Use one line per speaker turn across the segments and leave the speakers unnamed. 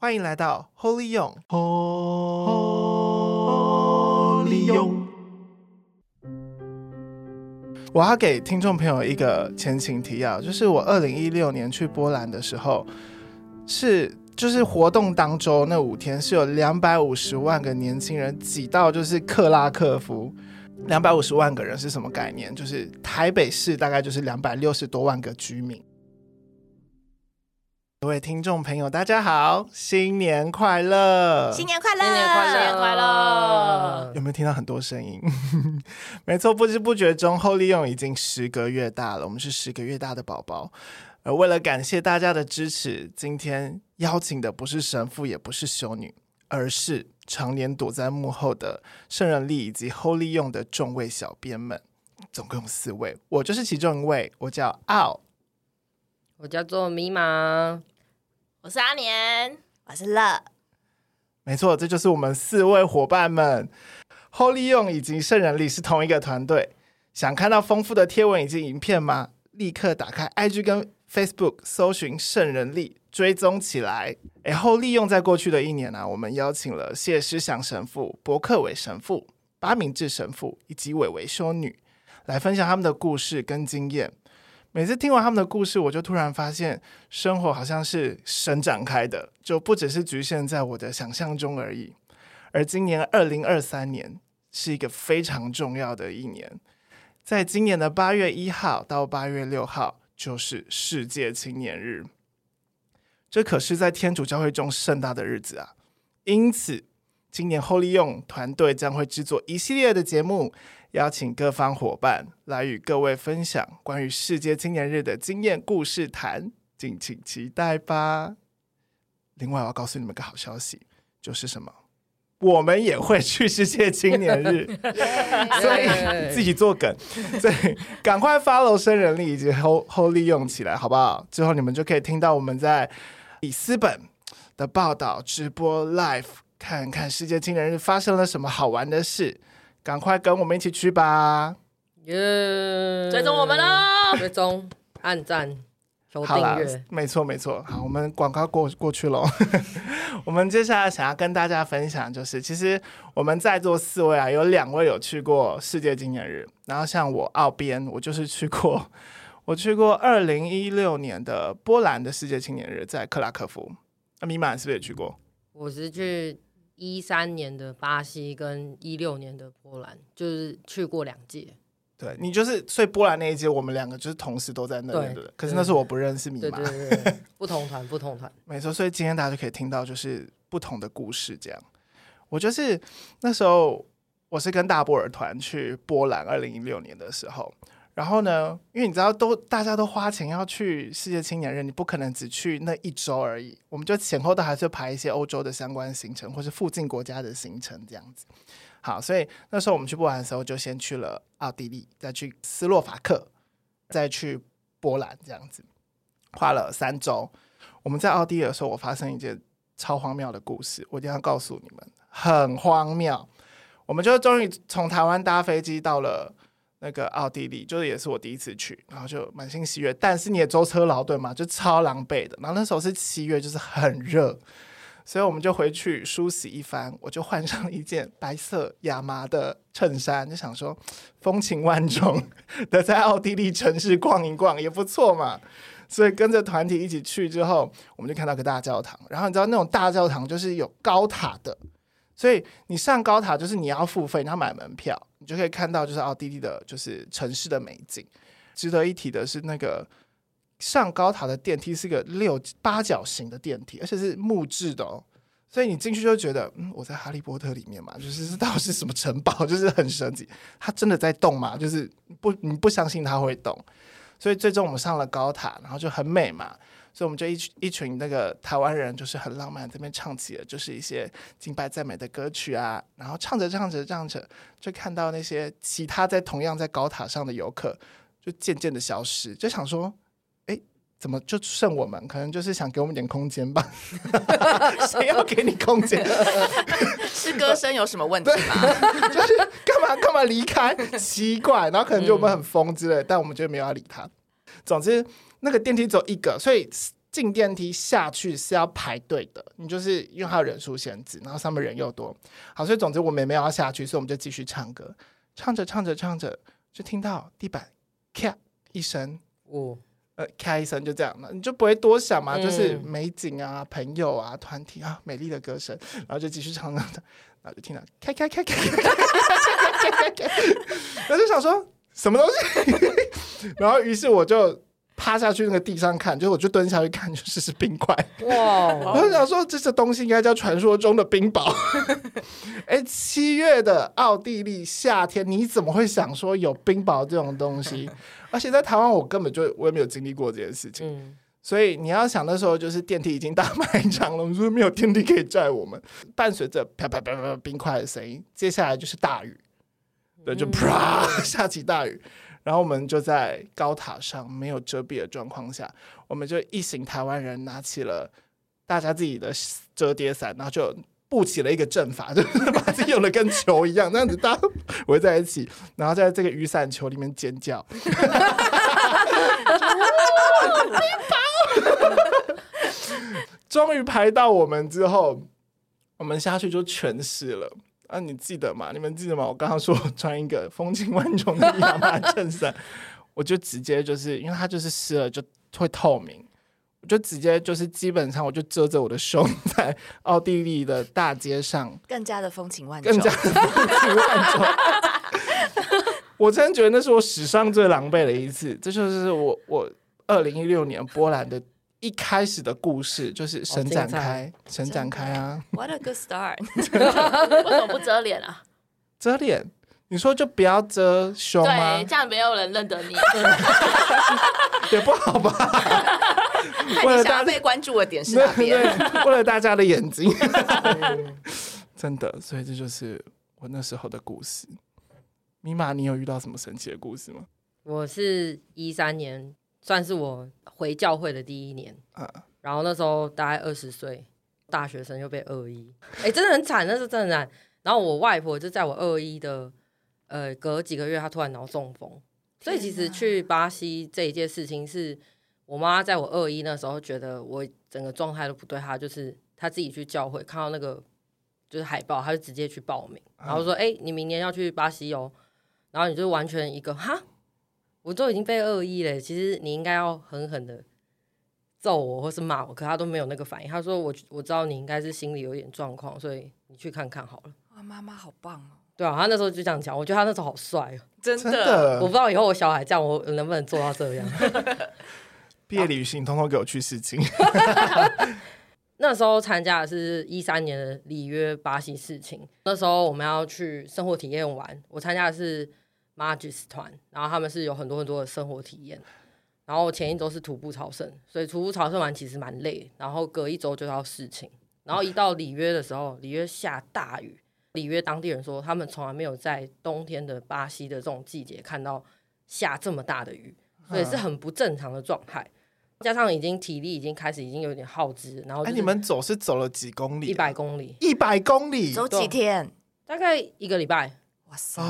歡迎來到 Holy 勇。Holy 勇，我要給聽眾朋友一個前情提要，就是我二零一六年去波蘭的時候，是就是活動當中那五天是有兩百五十萬個年輕人擠到就是克拉克夫，兩百五十萬個人是什麼概念？就是台北市大概就是兩百六十多萬個居民。各位聽眾朋友，大家好，新年快樂！新年快樂！
新年快樂！
有沒有聽到很多聲音？ 沒錯，不知不覺中，Holy 勇已經十個月大了。我們是十個月大的寶寶。而為了感謝大家的支持，今天邀請的不是神父，也不是修女，而是常年躲在幕後的聖人曆以及 Holy 勇的眾位小編們，總共四位。我就是其中一位，我叫
奧。我叫做迷茫，我是阿年，我
是樂。
沒錯，這就是我們四位伙伴們。Holy 勇以及聖人曆是同一個團隊。想看到豐富的貼文以及影片嗎？立刻打開 IG 跟 Facebook，搜尋聖人曆，追蹤起來。然後 Holy 勇在過去的一年呢、啊，我們邀請了謝思祥神父、伯克偉神父、巴明志神父以及偉偉修女，來分享他們的故事跟經驗。每次聽完他們的故事，我就突然發現，生活好像是伸展開的，就不只是局限在我的想象中而已。而今年二零二三年是一個非常重要的一年，在今年的八月一號到八月六號，就是世界青年日，這可是在天主教會中盛大的日子啊！因此，今年 Holy 勇團隊將會制作一系列的節目，邀請各方夥伴來與各位分享關於世界青年日的經驗故事談，敬請期待吧。另外，我要告訴你們個好消息，就是什麼？我們也會去世界青年日，
所以你自己
做梗，所以趕快 follow 聖人曆以及後 Holy 勇起來，好不好？之後你們就可以聽到我們在里斯本的報道直播 live。看看世界青年日發生了什麼好玩的事，趕快跟我們一起去吧！耶，追蹤我們
了 追蹤
啦，追蹤，按讚，收訂閱，沒錯沒錯。好，我們廣告過過去嘍。 我們接下來想要跟大家分享，就是其實我們在座四位啊，有兩位有去過世界青年日，然後像我澳編，我就是去過，我去過二零一六年的波蘭的世界青年日，在克拉科夫。阿、啊、米滿是不是也去過？
我是去。一三年的巴西跟一六年的波蘭，就是去過兩屆。
對你就是，所以波蘭那一屆，我們兩個就是同時都在那裡。對，可是那是我不認識你。對,對對對，
不同團，不同團，
沒錯。所以今天大家就可以聽到就是不同的故事，這樣。我就是那時候我是跟大波爾團去波蘭，二零一六年的時候。然後呢，因為你知道都、都大家都花錢要去世界青年日，你不可能只去那一周而已。我們就前後都還是排一些歐洲的相關行程，或是附近國家的行程這樣子。好，所以那時候我們去波蘭的時候，就先去了奧地利，再去斯洛伐克，再去波蘭，這樣子花了三周。嗯、我們在奧地利的時候，我發生一件超荒謬的故事，我一定要告訴你們，很荒謬。我們就終於從台灣搭飛機到了。那個奧地利就是也是我第一次去，然後就滿心喜悅，但是你也舟車勞頓嘛，就超狼狽的。然後那時候是七月，就是很熱，所以我們就回去梳洗一番，我就換上一件白色亞麻的襯衫，就想說風情萬種的在奧地利城市逛一逛也不錯嘛。所以跟着團體一起去之後，我們就看到個大教堂。然後你知道那種大教堂就是有高塔的。所以你上高塔就是你要付費，你要買門票，你就可以看到就是奧地利的就是城市的美景。值得一提的是，那個上高塔的電梯是個六八角形的電梯，而且是木質的哦，所以你進去就覺得嗯，我在哈利波特裡面嘛，就是知道是什麼城堡，就是很神奇。它真的在動嘛？就是不你不相信它會動，所以最終我們上了高塔，然後就很美嘛。所以我們就一群一群那個台灣人，就是很浪漫，這邊唱起了就是一些敬拜讚美的歌曲啊，然後唱着唱着唱着，就看到那些其他在同樣在高塔上的遊客，就漸漸的消失，就想說，哎、欸，怎麼就剩我們？可能就是想給我們點空間吧。誰 要給你空間？
是歌聲有什麼問題嗎？就
是幹嘛幹嘛離開？奇怪，然後可能就我們很瘋之類，嗯、但我們就沒有要理他。總之。那個電梯只有一個，所以進電梯下去是要排隊的。你就是因為它人數限制，然後上面人又多，嗯、好，所以總之我們也沒有要下去，所以我們就繼續唱歌。唱着唱着唱着，就聽到地板咔一聲，哦，呃，咔一聲就這樣了，你就不會多想嘛，嗯、就是美景啊，朋友啊，團體啊，美麗的歌聲，然後就繼續唱唱唱，然後就聽到咔咔咔咔，我就想說什麼東西， 然後於是我就。趴下去那個地上看，就我就蹲下去看，就是是冰塊。哇！Wow. Oh, okay. 我想說，這這東西應該叫傳說中的冰雹。哎、 欸，七月的奧地利夏天，你怎麼會想說有冰雹這種東西？而且、 啊、在台灣，我根本就我也沒有經歷過這件事情。嗯、所以你要想，那時候就是電梯已經大賣場了，就是，是沒有電梯可以載我們。伴隨着啪啪啪啪，啪，啪冰塊的聲音，接下來就是大雨。對，就啪、嗯、下起大雨。然後我們就在高塔上沒有遮蔽的狀況下，我們就一行台灣人拿起了大家自己的摺疊傘，然後就布起了一個陣法，就是、把自己用的跟球一樣，那樣子大圍在一起，然後在這個雨傘球裡面尖叫。 終於排到我們之後，我們下去就全濕了。啊，你記得嗎？你們記得嗎？我剛剛說穿一個風情萬種的亞麻襯衫， 我就直接就是，因為它就是濕了，就會透明，我就直接就是基本上我就遮着我的胸，在奧地利的大街上，
更加的風情萬種，更
加的風情萬種。 我真的覺得那是我史上最狼狽的一次，這就是我我二零一六年波蘭的。一開始的故事就是神展開，哦、神展開啊！What a
good start！ 的 為什麼不遮臉啊？
遮臉？你說就不要遮胸嗎？對，這
樣沒有人認得你。
也不好吧？
為了大家被關注的點是哪點
為了大家的眼睛。 對 真的，所以這就是我那時候的故事。米瑪，你有遇到什麼神奇的故事嗎？
我是一三年。算是我回教會的第一年，啊、然後那時候大概二十歲，大學生又被二一，誒，真的很慘， 那時候真的很慘。然後我外婆就在我二一的，呃，隔幾個月她突然腦中風，天哪。所以其實去巴西這一件事情，是我媽在我二一那時候覺得我整個狀態都不對她，她就是她自己去教會看到那個就是海報，她就直接去報名，然後說：“哎、啊，你明年要去巴西哦。”然後你就完全一個哈。我都已經被惡意了。其實你應該要狠狠的揍我或是罵我，可他都沒有那個反應。他說我：“我我知道你應該是心裡有點狀況，所以你去看看好了。”
啊，媽媽好棒哦！
對啊，他那時候就這樣講，我覺得他那時候好帥哦，真的。我不知道以後我小孩這樣，我能不能做到這樣？
畢業旅行通通給我去世青。
那時候參加的是一三年的裡約巴西世青，那時候我們要去生活體驗玩，我參加的是。Magis 團，ran, 然後他們是有很多很多的生活體驗，然後前一周是徒步朝聖，所以徒步朝聖完其實蠻累，然後隔一周就要世青，然後一到里約的時候，嗯、里約下大雨，里約當地人說他們從來沒有在冬天的巴西的這種季節看到下這麼大的雨，
嗯、所以是很
不正常的狀態，加上已經體力已經開始已經有點耗資，然後哎、啊、你們走
是走了幾公里、啊？一百公里？一百公里？走幾天？
大概一個禮拜？哇塞！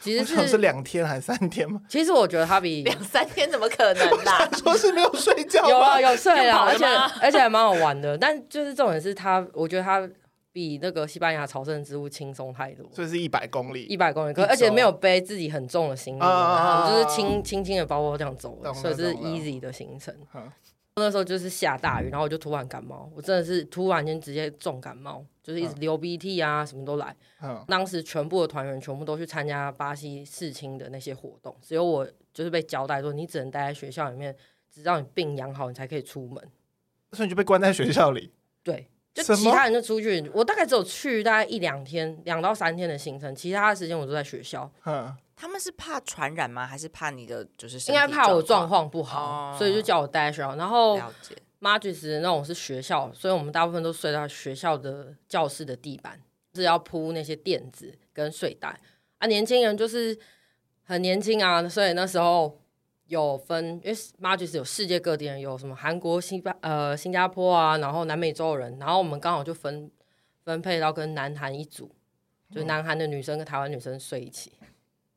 其實是兩天還是三天嗎？其實我覺得它比兩
三天怎麼可能呢？說是
沒
有睡覺，有了有睡了，而且
而且還蠻好玩的。但就是重點是，它我覺得它比那個西班牙朝聖之路輕鬆太多。這是一百公里，一百公里，可而且沒有背自己很重的行李，就是輕輕輕的包包這樣走，所以是 easy 的行程。我那時候就是下大雨，嗯、然後我就突然感冒，我真的是突然間直接重感冒，就是一直流鼻涕啊，嗯、什麼都來。嗯、當時全部的團員全部都去參加巴西世青的那些活動，只有我就是被交代說，你只能待在學校裡面，直到你病養好，你才可以出門。
所以你就被關在學校裡。
對，就其他人就出去。我大概只有去大概一兩天，兩到三天的行程，其他的時間我都在學校。嗯
他們是怕傳染嗎？還是怕你的就是，應該
怕我狀況不好，嗯、所以就叫我戴口罩。然後 Margis 那種是學校，了解。所以我們大部分都睡在學校的教室的地板，是要鋪那些墊子跟睡袋啊。年輕人就是很年輕啊，所以那時候有分，因為 Margis 有世界各地人，有什麼韓國、新，呃新加坡啊，然後南美洲人，然後我們剛好就分分配到跟南韓一組，就南韓的女生跟台灣女生睡一起。嗯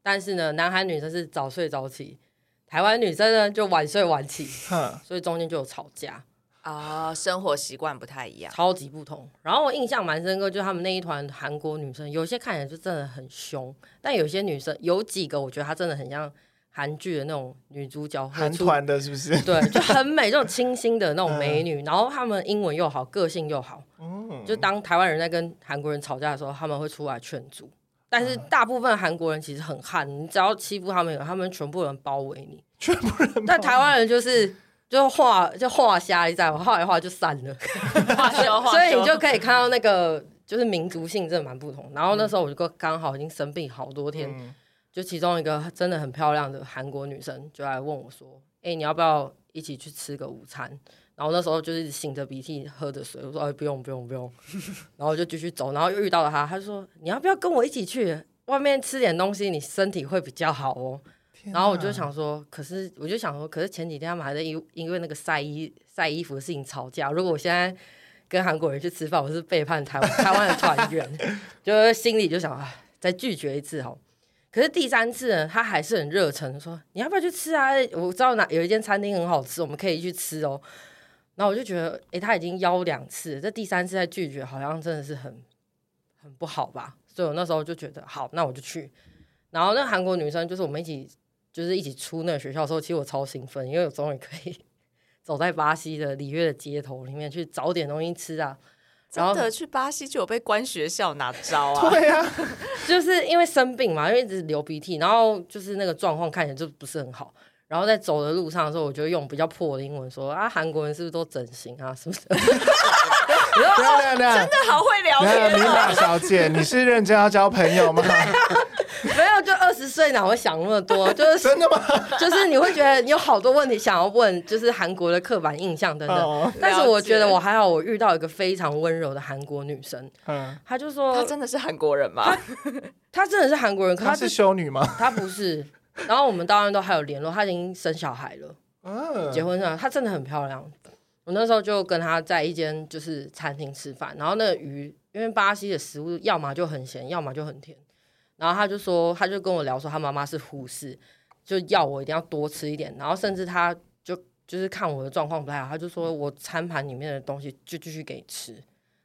但是呢，南韓女生是早睡早起，台灣女生呢就晚睡晚起，呵所以中間就有吵架啊，哦，生活習慣不太一樣，超級不同。然後我印象蠻深刻，就他們那一團韓國女生，有些看起來就真的很兇，但有些女生有幾個，我覺得她真的很像韓劇的那種女主角，韓團的是不是？對，就很美， 這種清新的那種美女。然後她們英文又好，個性又好，嗯，就當台灣人在跟韓國人吵架的時候，他們會出來勸阻。但是大部分韓國人其實很悍，你只要欺負他們，他們全部人包圍你。圍，但台灣人就是就畫就畫下一站，畫一畫就散了。畫 所以你就可以看到那個就是民族性真的蠻不同。然後那時候我就剛好已經生病好多天，嗯、就其中一個真的很漂亮的韓國女生就來問我說：“哎，欸，你要不要一起去吃個午餐？”然後那時候就是擤著鼻涕喝着水，我說哎，不用不用不用，不用 然後我就繼續走，然後又遇到了他，他就說，你要不要跟我一起去外面吃點東西，你身體會比較好哦。
哪然後我就想說，
可是我就想說，可是前幾天他們還在因為因為那個曬衣曬衣服的事情吵架，如果我現在跟韓國人去吃飯，我是背叛台灣 台灣的團員，就心裡就想啊再拒絕一次哦。可是第三次呢他還是很熱誠，說你要不要去吃啊？我知道哪有一間餐廳很好吃，我們可以去吃哦。然後我就覺得，哎、欸，他已經邀兩次，這第三次再拒絕，好像真的是很很不好吧？所以，我那時候就覺得，好，那我就去。然後，那韓國女生就是我們一起，就是一起出那個學校的時候，其實我超興奮，因為我終於可以走在巴西的里約的街頭裡面去找點東西吃啊！然後真的
去巴西就有被關學校，哪招啊？ 對啊，
就是因為生病嘛，因為一直流鼻涕，然後就是那個狀況看起來就不是很好。然後在走的路上的時候，我就用比較破的英文說：“啊，韓國人是不是都整形啊？是不是？”真的好會聊天，大小姐，你是
認真要交朋友嗎？
沒有，就二十歲哪會想那麼多？就是真的嗎？就是你會覺得你有好多問題想要問，就是韓國的刻板印象等等。但是我覺得我還好，我遇到一個非常溫柔的韓國女生，
嗯，她就說：“她真的是韓國人嗎？
她真的是韓國人？她是
修女嗎？
她不是。”然後我們當然都還有聯絡，她已經生小孩了，uh. 結婚了，她真的很漂亮。我那時候就跟她在一間就是餐廳吃飯，然後那個魚，因為巴西的食物要麼就很鹹，要麼就很甜。然後他就說，他就跟我聊說他媽媽是護士，就要我一定要多吃一點。然後甚至他就就是看我的狀況不太好，他就說我餐盤裡面的東西就繼續給你吃。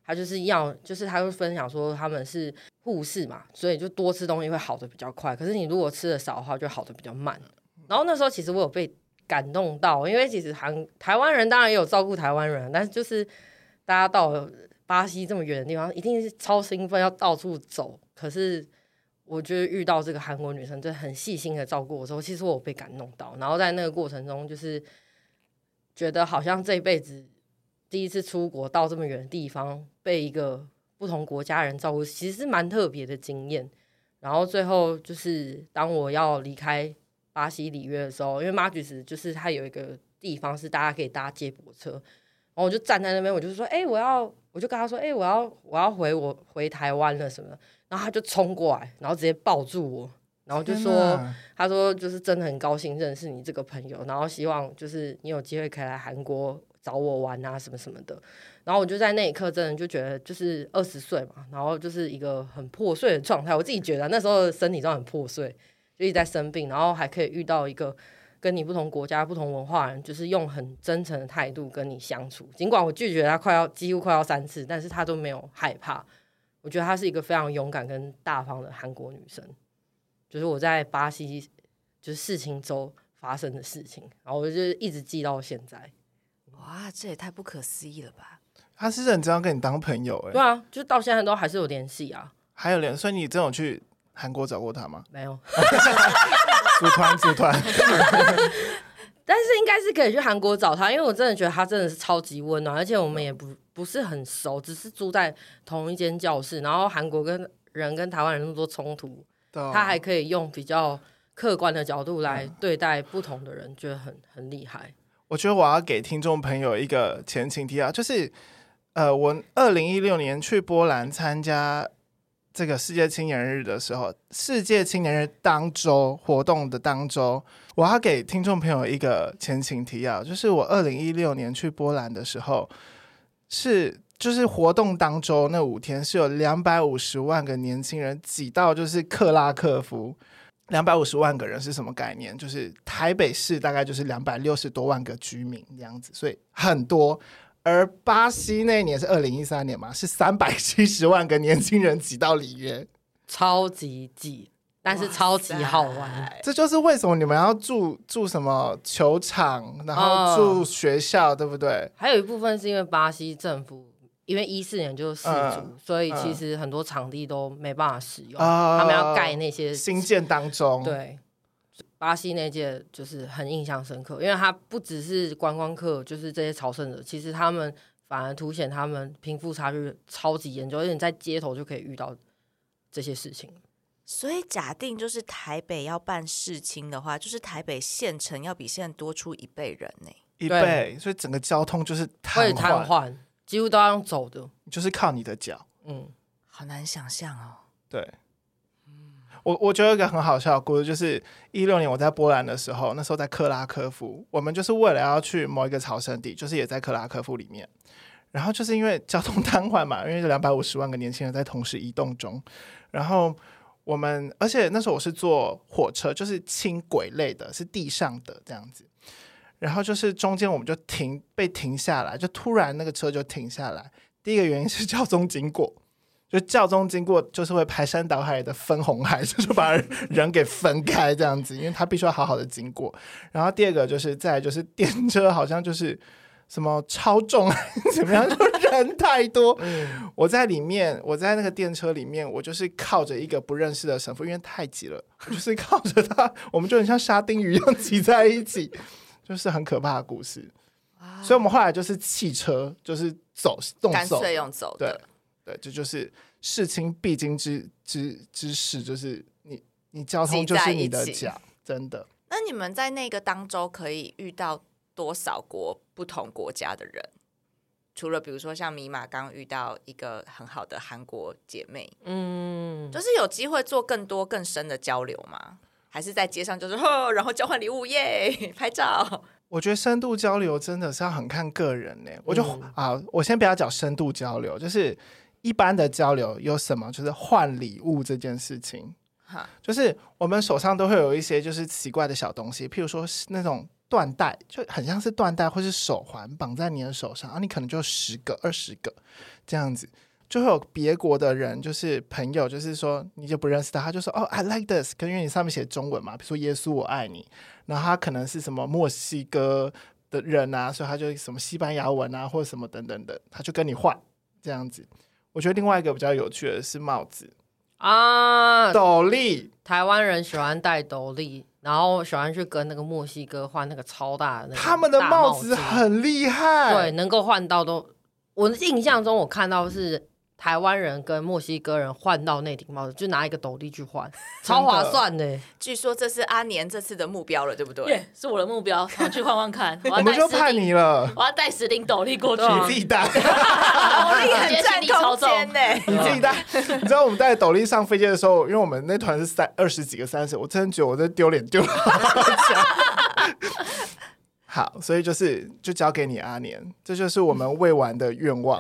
他就是要，就是他就分享說他們是護士嘛，所以就多吃東西會好的比較快。可是你如果吃的少的話，就好的比較慢。然後那時候其實我有被感動到，因為其實韓台灣人當然也有照顧台灣人，但是就是大家到巴西這麼遠的地方，一定是超興奮要到處走。可是我覺得遇到這個韓國女生，就很細心的照顧我的時候，其實我有被感動到。然後在那個過程中，就是覺得好像這一輩子。第一次出國到這麼遠的地方，被一個不同國家人照顧，其實是蠻特別的經驗。然後最後就是當我要離開巴西里約的時候，因為馬吉斯就是他有一個地方是大家可以搭接駁車，然後我就站在那邊，我就說：“哎、欸，我要，我就跟他說：‘哎、欸，我要，我要回我回台灣了。’什麼的，然後他就衝過來，然後直接抱住我，然後就說：‘啊、他說就是真的很高興認識你這個朋友，然後希望就是你有機會可以來韓國。’找我玩啊，什麼什麼的，然後我就在那一刻真的就覺得，就是二十歲嘛，然後就是一個很破碎的狀態。我自己覺得啊，那時候身體都很破碎，就一直在生病，然後還可以遇到一個跟你不同國家、不同文化人，就是用很真誠的態度跟你相處。儘管我拒絕他，快要幾乎快要三次，但是他都沒有害怕。我覺得他是一個非常勇敢跟大方的韓國女生。就是我在巴西，就是事情中發生的事情，然後我就一直記
到現在。
哇，這也太不可思議了吧！
他是認真要跟你當朋友哎、欸，對啊，
就到現在都還是有聯繫啊。
還有聯，所以你真有去韓國找過他嗎？沒有，組團組團。
但是應該是可以去韓國找他，因為我真的覺得他真的是超級溫暖，而且我們也不不是很熟，只是住在同一間教室。然後韓國跟人跟台灣人那麼多衝突，哦、他還可以用比較客觀的角度來對待不同的人，嗯、覺得很很厲害。
我覺得我要給聽眾朋友一個前情提要，就是，呃，我二零一六年去波蘭參加這個世界青年日的時候，世界青年日當週活動的當週，我要給聽眾朋友一個前情提要，就是我二零一六年去波蘭的時候，是就是活動當週那五天是有兩百五十萬個年輕人擠到就是克拉克夫。兩百五十萬個人是什麼概念？就是台北市大概就是兩百六十多萬個居民這樣子，所以很多。而巴西那一年是二零一三年嘛，是三百七十萬個年輕人擠到里約，超級擠，但是
超級好玩。哇
塞。這就是為什麼你們要住住什麼球場，然後住學校，哦、對不對？
還有一部分是因為巴西政府。因為一四年就是世足，嗯、所以其實很多場地都沒辦法使用。嗯、他們要蓋那些新建
當中。對，
巴西那屆就是很印象深刻，因為他不只是觀光客，就是這些朝聖者，其實他們反而凸顯他們貧富差距超級嚴重，而且你在街頭就可以遇到這些事情。
所以假定就是台北要辦世青的話，就是台北縣城要比現在多出一倍人呢、欸，一倍，
對所以整個交通就是會癱瘓。
幾乎都要用走的，
就是靠你的腳。嗯，
好難想象哦。
對，嗯，我我覺得一個很好笑的故事，就是一六年我在波蘭的時候，那時候在克拉科夫，我們就是為了要去某一個朝聖地，就是也在克拉科夫裡面。然後就是因為交通癱瘓嘛，因為兩百五十萬個年輕人在同時移動中。然後我們，而且那時候我是坐火車，就是輕軌類的，是地上的這樣子。然後就是中間我們就停，被停下來，就突然那個車就停下來。第一個原因是教宗經過，就教宗經過就是會排山倒海的分紅海，就是把人，人給分開這樣子，因為他必須要好好的經過。然後第二個就是再就是電車好像就是什麼超重怎麼樣，就人太多。 我在裡面，我在那個電車裡面，我就是靠着一個不認識的神父，因為太擠了，就是靠着他，我們就很像沙丁魚一樣擠在一起。就是很可怕的故事，哇所以我們後來就是汽車，就是走，乾脆用走的。的。對，這就，就是事情，必經之之之事，就是你你交通就是你的腳。真的。
那你們在那個當中可以遇到多少國不同國家的人？除了比如說像米馬剛遇到一個很好的韓國姐妹，嗯，就是有機會做更多更深的交流嗎？還是在街上就說、是、吼，然後交換禮物耶，拍照。
我覺得深度交流真的是要很看個人呢。我就、嗯、啊，我先不要講深度交流，就是一般的交流有什麼？就是換禮物這件事情。哈就是我們手上都會有一些就是奇怪的小東西，譬如說那種緞帶，就很像是緞帶或是手環綁在你的手上，然後你可能就十個、二十個這樣子。就會有別國的人，就是朋友，就是說你就不認識他，他就說哦，I like this，因為你上面寫中文嘛，比如說耶穌我愛你，然後他可能是什麼墨西哥的人啊，所以他就什麼西班牙文啊，或者什麼等等的。他就跟你換這樣子。我覺得另外一個比較有趣的是帽子
啊，斗
笠，台灣
人喜歡戴斗笠，然後喜歡去跟那個墨西哥換那個超大的那個大，他們的帽子
很厲害，對，
能夠換到都，我的印象中我看到是。嗯台灣人跟墨西哥人換到那頂帽子，就拿一個斗笠去換，的超划算呢。
據說這是阿年這次的目標了，對不對？對，yeah, 是我的目標，我去換換看。 我，我們就盼
你了，
我要帶十頂斗笠過去。啊、 你自己帶，斗笠很佔空間呢。你自己
帶。你知道我們帶斗笠上飛機的時候，因為我們那團是三二十幾個三十，我真的覺得我在丟臉丟。 好，所以就是就交給你阿年，這就是我們未完的願望。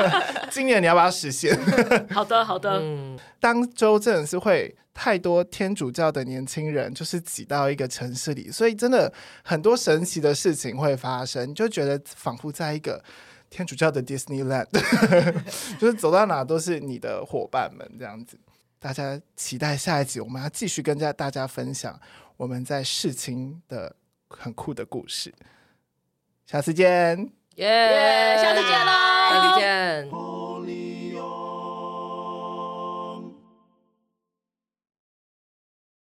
今年你要把它實現。 好的，好的。嗯，當周正是會太多天主教的年輕人，就是擠到一個城市裡，所以真的很多神奇的事情會發生。你就覺得仿佛在一個天主教的 Disneyland， 就是走到哪，都是你的夥伴們這樣子。大家期待下一集，我們要繼續跟大家分享我們在世青的很酷的故事，下次見！耶
，Yeah, Yeah, 下次見啦，下次見。下